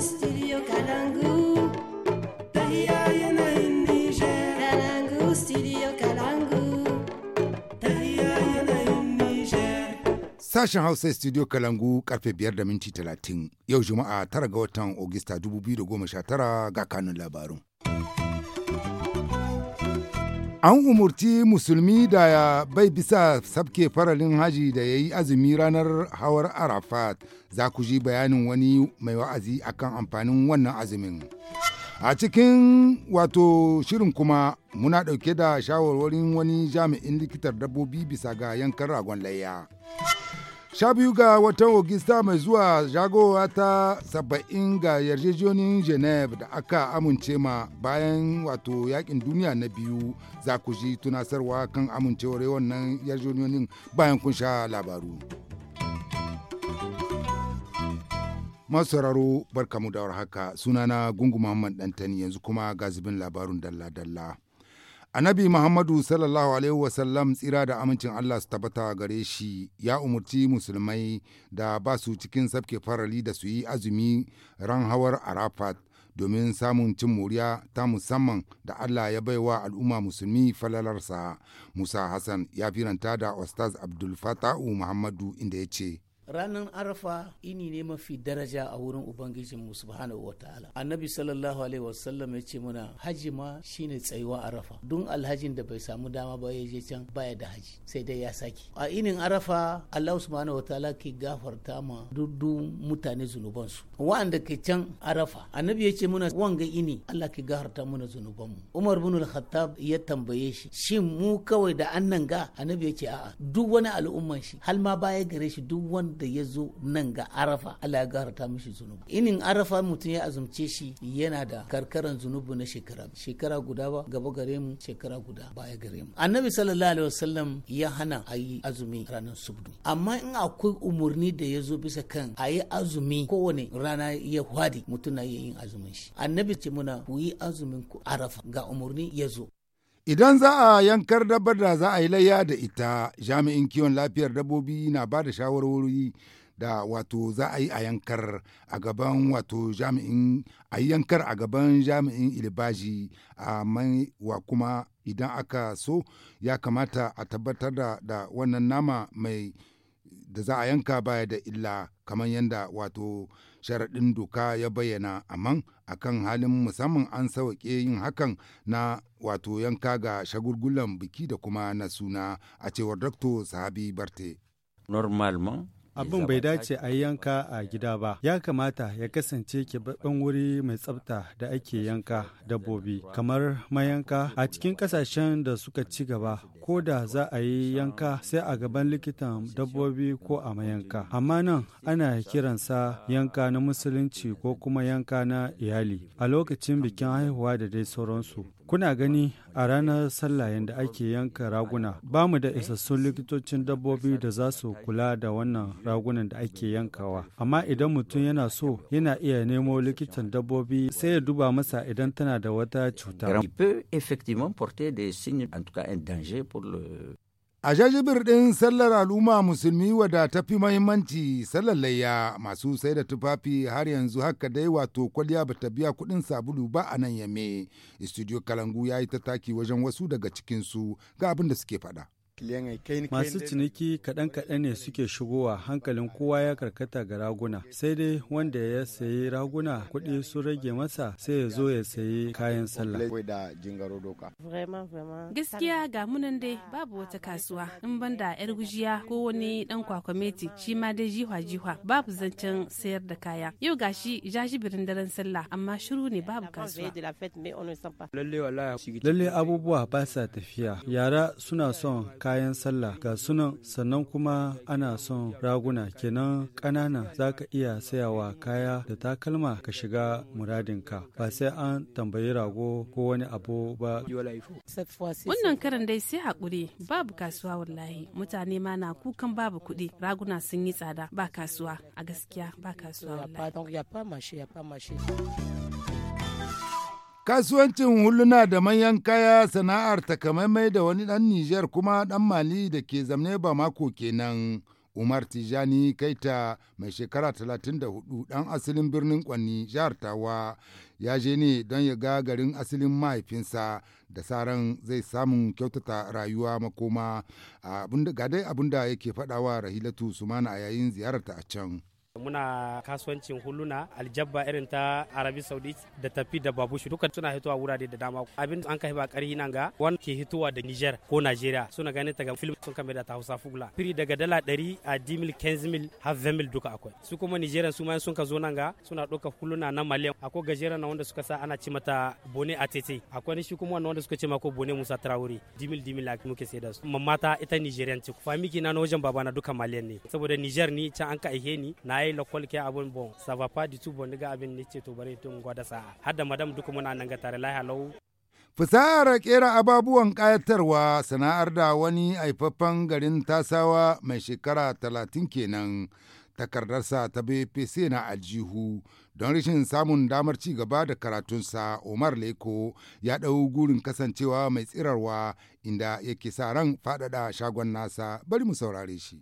studio yanayin studio yanayin Sashen Hausa studio Kalangu karfe biyar da minti talatin yau Juma'a 9 ga watan Ogista 2019 ga kanun labarun. An umurci musulmi da bai bisa sabke faralin haji da ya yi azumi ranar hawar Arafat za ku ji bayanin wani mai wa'azi akan amfanin wannan azumin. A cikin wato shirin kuma muna ɗauke da shawarwarin wani jami'in likitar dabbobi bisa ga yankan ragon layya. sha biyu ga watan ogista mai zuwa jagowa ta saba'in ga yarjejeniyar geneve da aka amince ma bayan wato yakin duniya na biyu za ku ji tunasarwa kan amincewar wannan yarjejeniyar bayan kun sha labaru masu barkamu da haka sunana gungu muhammad dantani yanzu kuma ga labarun dalla-dalla Annabi Muhammadu sallallahu Alaihi wasallam tsira da amincin Allah su tabbata gare shi ya umarci musulmai da ba su cikin sabke farali da su yi azumi ran hawar Arafat domin samun cin moriya ta musamman da Allah ya bai wa al'umma musulmi falalarsa. Musa Hassan ya firanta da Ostaz Abdul Fata'u Muhammadu inda ya ce. ranar arafa ini ne mafi daraja a wurin ubangijinmu subhanahu wa ta'ala annabi sallallahu alaihi wasallam ya ce muna haji ma shine tsayuwa arafa dun alhajin da bai samu dama ba ya je can baya da haji sai dai ya saki. a inin arafa allah subhanahu wa ta'ala ke gafarta ma duddun mutane zunuban zunubansu wanda ke can arafa annabi ya ce muna wanga ini allah ke gafarta muna mu. umar bin al-khattab ya tambaye shi shin mu kawai da annan ga annabi ya ce a'a duk wani al'umman shi har ma baya gare shi duk wani da ya zo nan ga arafa Allah ya gafarta mishi zunubi inin arafa mutum ya azumce shi yana da karkaran zunubi na shekara shekara guda ba gaba gare mu shekara guda baya gare mu annabi sallallahu alaihi wasallam ya hana a yi azumi ranar subdu amma in akwai umarni da ya zo bisa kan a yi azumi kowane rana ya hwadi mutum na yin azumin shi annabi ce muna ku yi azumin ku arafa ga umarni ya zo Idan za a yankar dabbar da za a yi layya da ita, jami'in kiwon lafiyar dabbobi na ba da shawarwari da wato za a yi a yankar a gaban wato jami'in a yankar a gaban jami'in ilibaji a mai wa kuma idan aka so ya kamata a tabbatar da wannan nama mai da za a yanka baya da illa kamar yadda wato sharaɗin doka ya bayyana amma akan halin musamman an sauƙe yin hakan na wato yanka ga shagulgulan biki da kuma na suna a cewar dr sahabi barte abin bai dace a yanka a gida ba ya kamata ya kasance keɓaɓɓen wuri mai tsafta da ake yanka dabbobi kamar mayanka a cikin ƙasashen da suka ci gaba ko da za a yi yanka sai a gaban likitan dabbobi ko a mayanka. Amma nan ana kiransa yanka na musulunci ko kuma yanka na iyali a lokacin bikin haihuwa da dai sauransu. Kuna gani a ranar sallah yadda ake yanka raguna, ba mu da isassun likitocin dabbobi da za su kula da wannan ragunan da ake yankawa. Amma idan mutum yana so, yana iya nemo likitan dabbobi sai ya duba masa idan tana da wata cuta. ajajibir A jajibir ɗin sallar al'umma musulmi wadda ta fi mahimmanci sallar layya masu sai da tufafi har yanzu haka dai wato kwalliya ta biya kuɗin sabulu ba a nan yame. Studio Kalangu ya yi ta taki wajen wasu daga cikinsu ga abin da suke faɗa. Masu ciniki kaɗan-kaɗan ne suke shigowa hankalin kowa ya karkata ga raguna. Sai dai wanda ya sayi raguna kuɗi su rage masa sai ya zo ya sayi kayan sallah. Gaskiya ga munan dai babu wata kasuwa in banda yar gujiya ko wani dan kwakwameti shi ma dai jihwa-jihwa babu zancen sayar da kaya. Yau gashi jajibirin daren sallah amma shiru ne babu kasuwa. Lalle abubuwa ba sa tafiya. Yara suna son kaya kayan sallah ga sunan sannan kuma ana son raguna kenan ƙanana za ka iya sayawa kaya da takalma ka shiga muradinka ba sai an tambayi rago ko wani abu ba. Wannan karan dai sai haƙuri babu kasuwa wallahi mutane ma na kukan babu kuɗi raguna sun yi tsada ba kasuwa a gaskiya ba kasuwa wallahi. Kasuwancin huluna da manyan kaya sana'ar takamaimai da wani ɗan Nijar kuma ɗan Mali da ke zamne ba mako kenan. Umar Tijani Kaita mai shekara 34 ɗan asalin birnin Kwanni jihar Tawa ya je ne don ya ga garin asalin mahaifinsa da saran zai samun kyautata rayuwa makoma ga dai abinda yake faɗawa Rahilatu Sumana a yayin ziyararta a can. muna kasuwancin huluna aljabba irin ta arabi saudi da tafi da babushi duka suna hitowa wurare da dama abin an kai ba karhi nan ga wani ke hitowa da niger ko nigeria suna ganin ta ga film sun kame da ta hausa fugula firi daga dala 100 a dimil mil 15 mil har 20 mil duka akwai su kuma nigeria su ma sun ka zo nan ga suna ɗauka huluna na maliyan akwai gajeren na wanda suka sa ana ci mata bone a tete akwai ni shi kuma wanda suka ce ma ko bone musa traore dimil dimil a muke sai da su mamata ita nigerian ce ki na wajen babana duka maliyan ne saboda niger ni can an ka ihe ni na nayi lokol ke abun bon ça va pas du tout bon ga abin ne ce to bare to mun gwada sa'a har da madam duk muna nan ga tare lahi lau Fasahar kera ababuwan kayatarwa sana'ar da wani haifaffen garin tasawa mai shekara talatin kenan takardarsa ta BPC na aljihu don rashin samun damar ci gaba da karatunsa Omar Leko ya ɗau gurin kasancewa mai tsirarwa inda yake sa ran faɗaɗa shagon nasa bari mu saurare shi.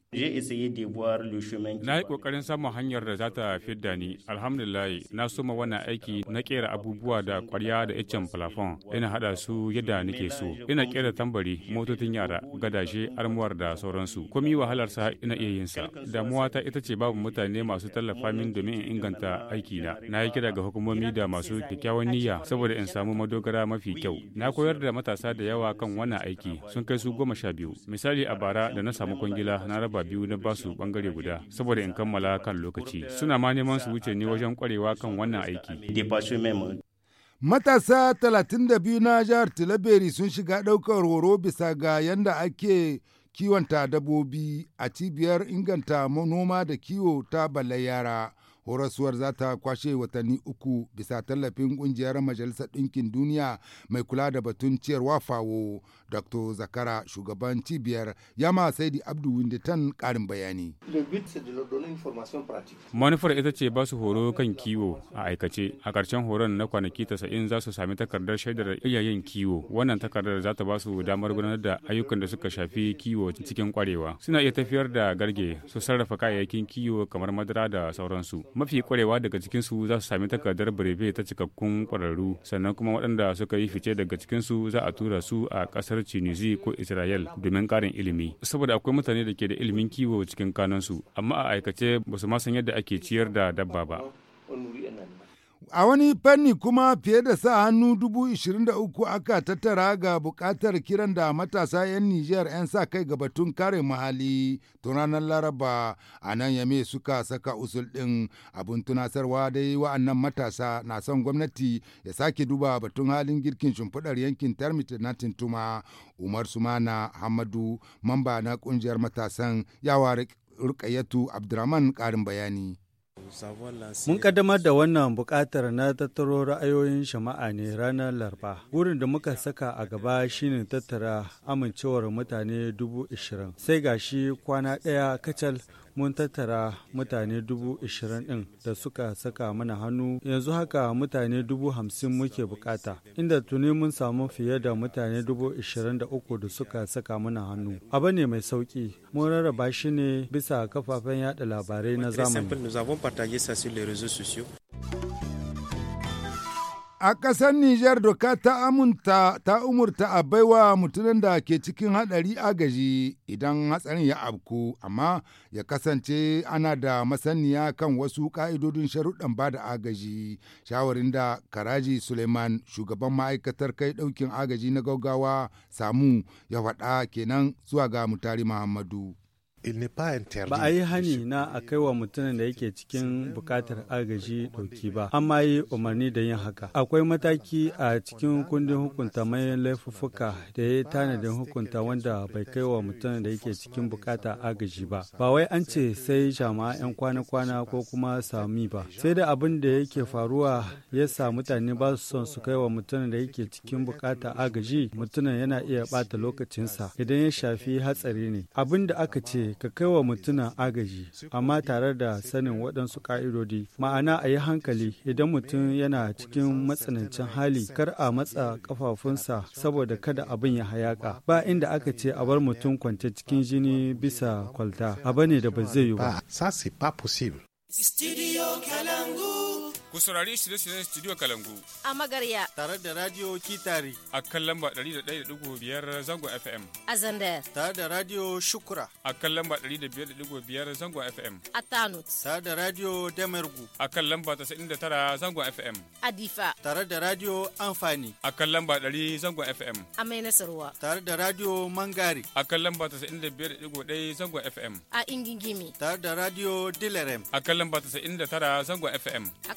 Na yi ƙoƙarin samun hanyar da za ta da ni, alhamdulillah na soma wannan aiki na ƙera abubuwa da ƙwarya da iccen plafon, ina haɗa su yadda nake so. Ina ƙera tambari, motocin yara, gadashe, armuwar da sauransu. Komi wahalar sa ina iya yin sa. Damuwa ta ita ce babu mutane masu tallafa min domin in inganta aikina. Na yi kira ga hukumomi da masu kyakkyawan niyya saboda in samu madogara mafi kyau. Na koyar da matasa da yawa kan wannan aiki sun kai su goma sha biyu misali a bara da na samu kwangila na raba biyu na basu bangare guda saboda in kammala kan lokaci suna ma neman su wuce ne wajen kwarewa kan wannan aiki matasa 32 na jihar tilaberi sun shiga ɗaukar horo bisa ga yadda ake ta dabobi a cibiyar inganta noma da kiwo ta balayara yara horaswar za ta kwashe watanni uku bisa tallafin ƙungiyar majalisar ɗinkin duniya mai kula da batun ciyarwa fawo dr zakara shugaban cibiyar yama saidi abdu winditan ƙarin bayani manufar ita ce ba su horo kan kiwo a aikace a ƙarshen horon na kwanaki tasa'in za su sami takardar shaidar iyayen kiwo wannan takardar za ta ba su damar gudanar da ayyukan da suka shafi kiwo cikin kwarewa suna iya tafiyar da garge su sarrafa kayayyakin kiwo kamar madara da sauransu mafi kwarewa daga cikinsu za su sami takardar birebe ta cikakkun kwararru sannan kuma waɗanda suka yi fice daga cikinsu za a tura su a ƙasar tunisia ko israel domin ƙarin ilimi saboda akwai mutane da ke da ilimin kiwo cikin kanansu amma a aikace ba su ma san yadda ake ciyar da dabba ba A wani fanni kuma fiye da sa hannu dubu uku aka tattara ga buƙatar kiran da matasa 'yan Nijar 'yan sa kai ga batun kare muhalli tun ranar Laraba a nan yame suka saka usul ɗin abin tunasarwa dai wa'annan matasa na son gwamnati ya sake duba batun halin girkin shimfiɗar yankin termit na Tintuma Umar Sumana Hamadu mamba na ƙungiyar matasan yawa Rukayatu Abdurrahman ƙarin bayani. Mun kaddamar da wannan bukatar na tattaro ra'ayoyin shama'a ne ranar Larba. Wurin da muka saka a gaba shine tattara amincewar mutane dubu ishirin. Sai gashi kwana ɗaya kacal mun tattara mutane dubu ishirin din da suka saka mana hannu yanzu haka mutane dubu hamsin muke bukata inda tuni mun samu fiye da mutane dubu ishirin da uku da suka saka mana hannu abu ne mai sauki mun rarraba shi ne bisa kafafen yada labarai na zamani A ƙasar Nijar doka ta amunta ta umurta a baiwa mutumin da ke cikin haɗari agaji idan hatsarin ya abku, amma ya kasance ana da masaniya kan wasu ƙa'idodin sharuɗan ba da agaji. Shawarin da Karaji Suleiman, shugaban ma'aikatar kai ɗaukin agaji na gaugawa samu ya faɗa kenan zuwa ga Mutari Muhammadu. Ba a yi hani na a kai wa mutumin da yake cikin bukatar agaji dauki ba, amma yi umarni da yin haka. Akwai mataki a cikin kundin hukunta mai laifuffuka da ya tanadin hukunta wanda bai kai wa mutumin da yake cikin bukatar agaji ba. Ba wai an ce sai jama'a 'yan kwana-kwana ko kuma sami ba. Sai da abin da yake faruwa ya sa mutane ba su son su kai wa mutumin da yake cikin bukatar agaji, mutumin yana iya bata lokacinsa idan ya shafi hatsari ne. Abin da aka ce ka kai wa mutumin agaji amma tare da sanin waɗansu ƙa'idodi ma'ana a yi hankali idan mutum yana cikin matsanancin hali kar a matsa ƙafafunsa saboda kada abin ya hayaka ba inda aka ce a bar mutum kwance cikin jini bisa kwalta abu ne da ba zai yi ba. Studio Kalangu. Ku saurari shirye-shiryen Studio Kalangu. A magarya. Tare da Radio Kitari. A kan lamba 101.5 Zango FM. A zanda Tare da Radio Shukura. A kan lamba 105.5 Zango FM. A Tanut. Tare da Radio Damergu. A kan lamba 99 Zango FM. A Difa. Tare da Radio Amfani. A kan lamba 100 Zango FM. A Mai Nasarwa. Tare da Radio Mangari. A kan lamba 95.1 Zango FM. A Ingingimi. Tare da Radio Dilerem. A kan lamba 99 Zango FM. A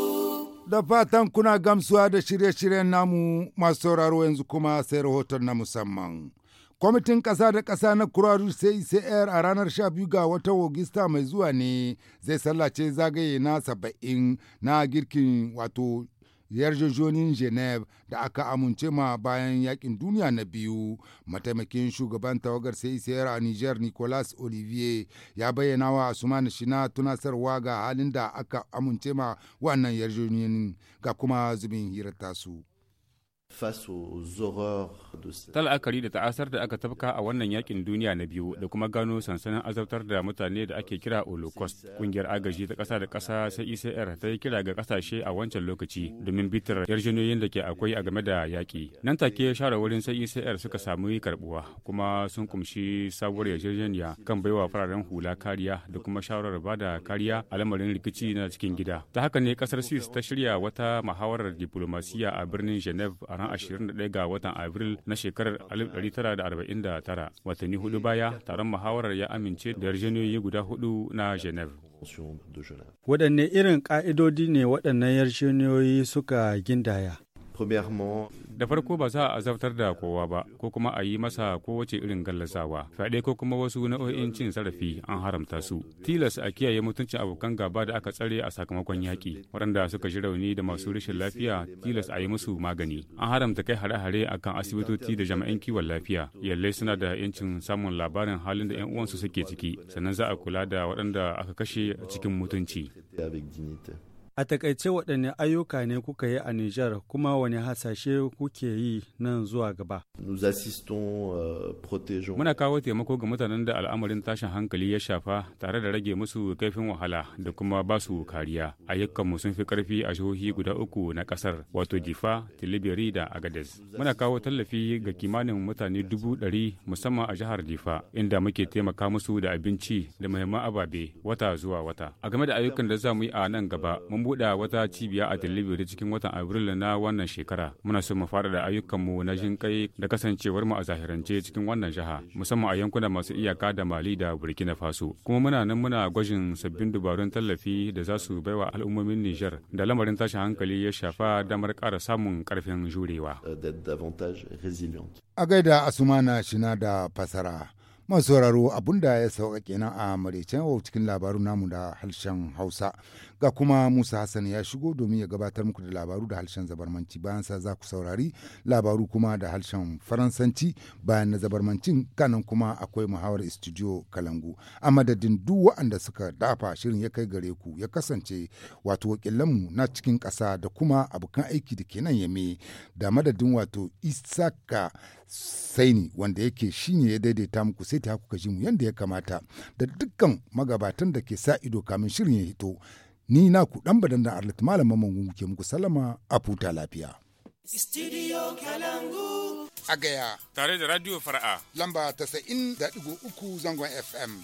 Da fatan kuna gamsuwa da shirye-shiryen namu masu sauraro yanzu kuma sai rahoton na musamman. Kwamitin ƙasa da ƙasa na Kuraru CICR a ranar 12 ga watan Ogista mai zuwa ne zai sallace zagaye na saba'in na girkin wato yarjejonin geneve da aka amince ma bayan yakin duniya na biyu mataimakin shugaban tawagar sai sayar a niger nicolas olivier ya bayyana wa asuma shina tunasarwa ga halin da aka amince ma wannan yarjejonin ga kuma zubin hirar tasu. Ta la'akari da ta'asar da aka tafka a wannan yakin duniya na biyu da kuma gano sansanin azabtar da mutane da ake kira Holocaust. Kungiyar agaji ta ƙasa da ƙasa sai ICR e ta yi kira ga ƙasashe a wancan lokaci domin bitar yarjinoyin da ke akwai a game da yaƙi. Nan take shawarwarin sai ICR e suka samu karbuwa kuma sun kumshi sabuwar yarjejeniya kan baiwa fararen hula kariya da kuma shawarar bada kariya a lamarin rikici na cikin gida. Ta haka ne ƙasar Swiss ta shirya wata muhawarar diplomasiya a birnin Geneva a ranar 21 ga watan Abril na shekarar 1949 watanni hudu baya taron muhawarar ya amince da yarjejeniyoyi guda hudu na Geneva. Waɗanne irin ƙa'idodi ne waɗannan yarjejeniyoyi suka gindaya? Da farko ba za a azabtar da kowa ba ko kuma a yi masa kowace irin gallazawa. Fyaɗe ko kuma wasu nau'o'in cin zarafi an haramta su. Tilas a kiyaye mutuncin abokan gaba da aka tsare a sakamakon yaƙi. Waɗanda suka ji rauni da masu rashin lafiya tilas a yi musu magani. An haramta kai hare-hare a kan asibitoci da jami'an kiwon lafiya. Yalle suna da 'yancin samun labarin halin da 'yan uwansu suke ciki. Sannan za a kula da waɗanda aka kashe cikin mutunci. A takaice waɗanne ayyuka ne kuka yi a Nijar kuma wani hasashe kuke yi nan zuwa gaba? Euh, Muna kawo taimako ga mutanen da al'amarin tashin hankali ya shafa tare da rage musu kaifin wahala da kuma ba su kariya. Ayyukanmu sun fi ƙarfi a jihohi guda uku na ƙasar wato Jifa, Tilibiri da Agadez. Muna kawo tallafi ga kimanin mutane dubu ɗari musamman a jihar Jifa inda muke taimaka musu da abinci da muhimman ababe wata zuwa wata. A game da ayyukan da za mu yi a nan gaba, mun buɗe wata cibiya a Tilibiri cikin watan Abril na wannan shekara. Muna so mu fara da ayyukanmu na jin kai da kasancewar mu a zahirance cikin wannan jiha, musamman a yankuna masu iyaka da Mali da Burkina Faso. Kuma muna nan muna gwajin sabbin dubarun tallafi da za su baiwa al'ummomin Nijar da lamarin tashin hankali ya shafa damar ƙara samun ƙarfin jurewa. A gaida Asumana Shina da fasara. masu sauraro abun da ya sauka kenan a maraicen wa cikin labaru namu da harshen hausa ga kuma musa hassan ya shigo domin ya gabatar muku da labaru da harshen zabarmanci bayan sa za ku saurari labaru kuma da harshen faransanci bayan na zabarmancin kanan kuma akwai muhawar studio kalangu a madadin duk waɗanda suka dafa shirin ya kai gare ku ya kasance wato wakilanmu na cikin ƙasa da kuma abokan aiki da kenan yame da madadin wato isaka saini wanda yake shine ya daidaita muku sai ta kuka ji mu yanda ya kamata da dukkan magabatan da ke sa ido kamin shirin ya hito ni na ku dan badan da arlit malamin ke muku salama a futa lafiya studio a gaya tare da radio fara'a lamba 90.3 zangon fm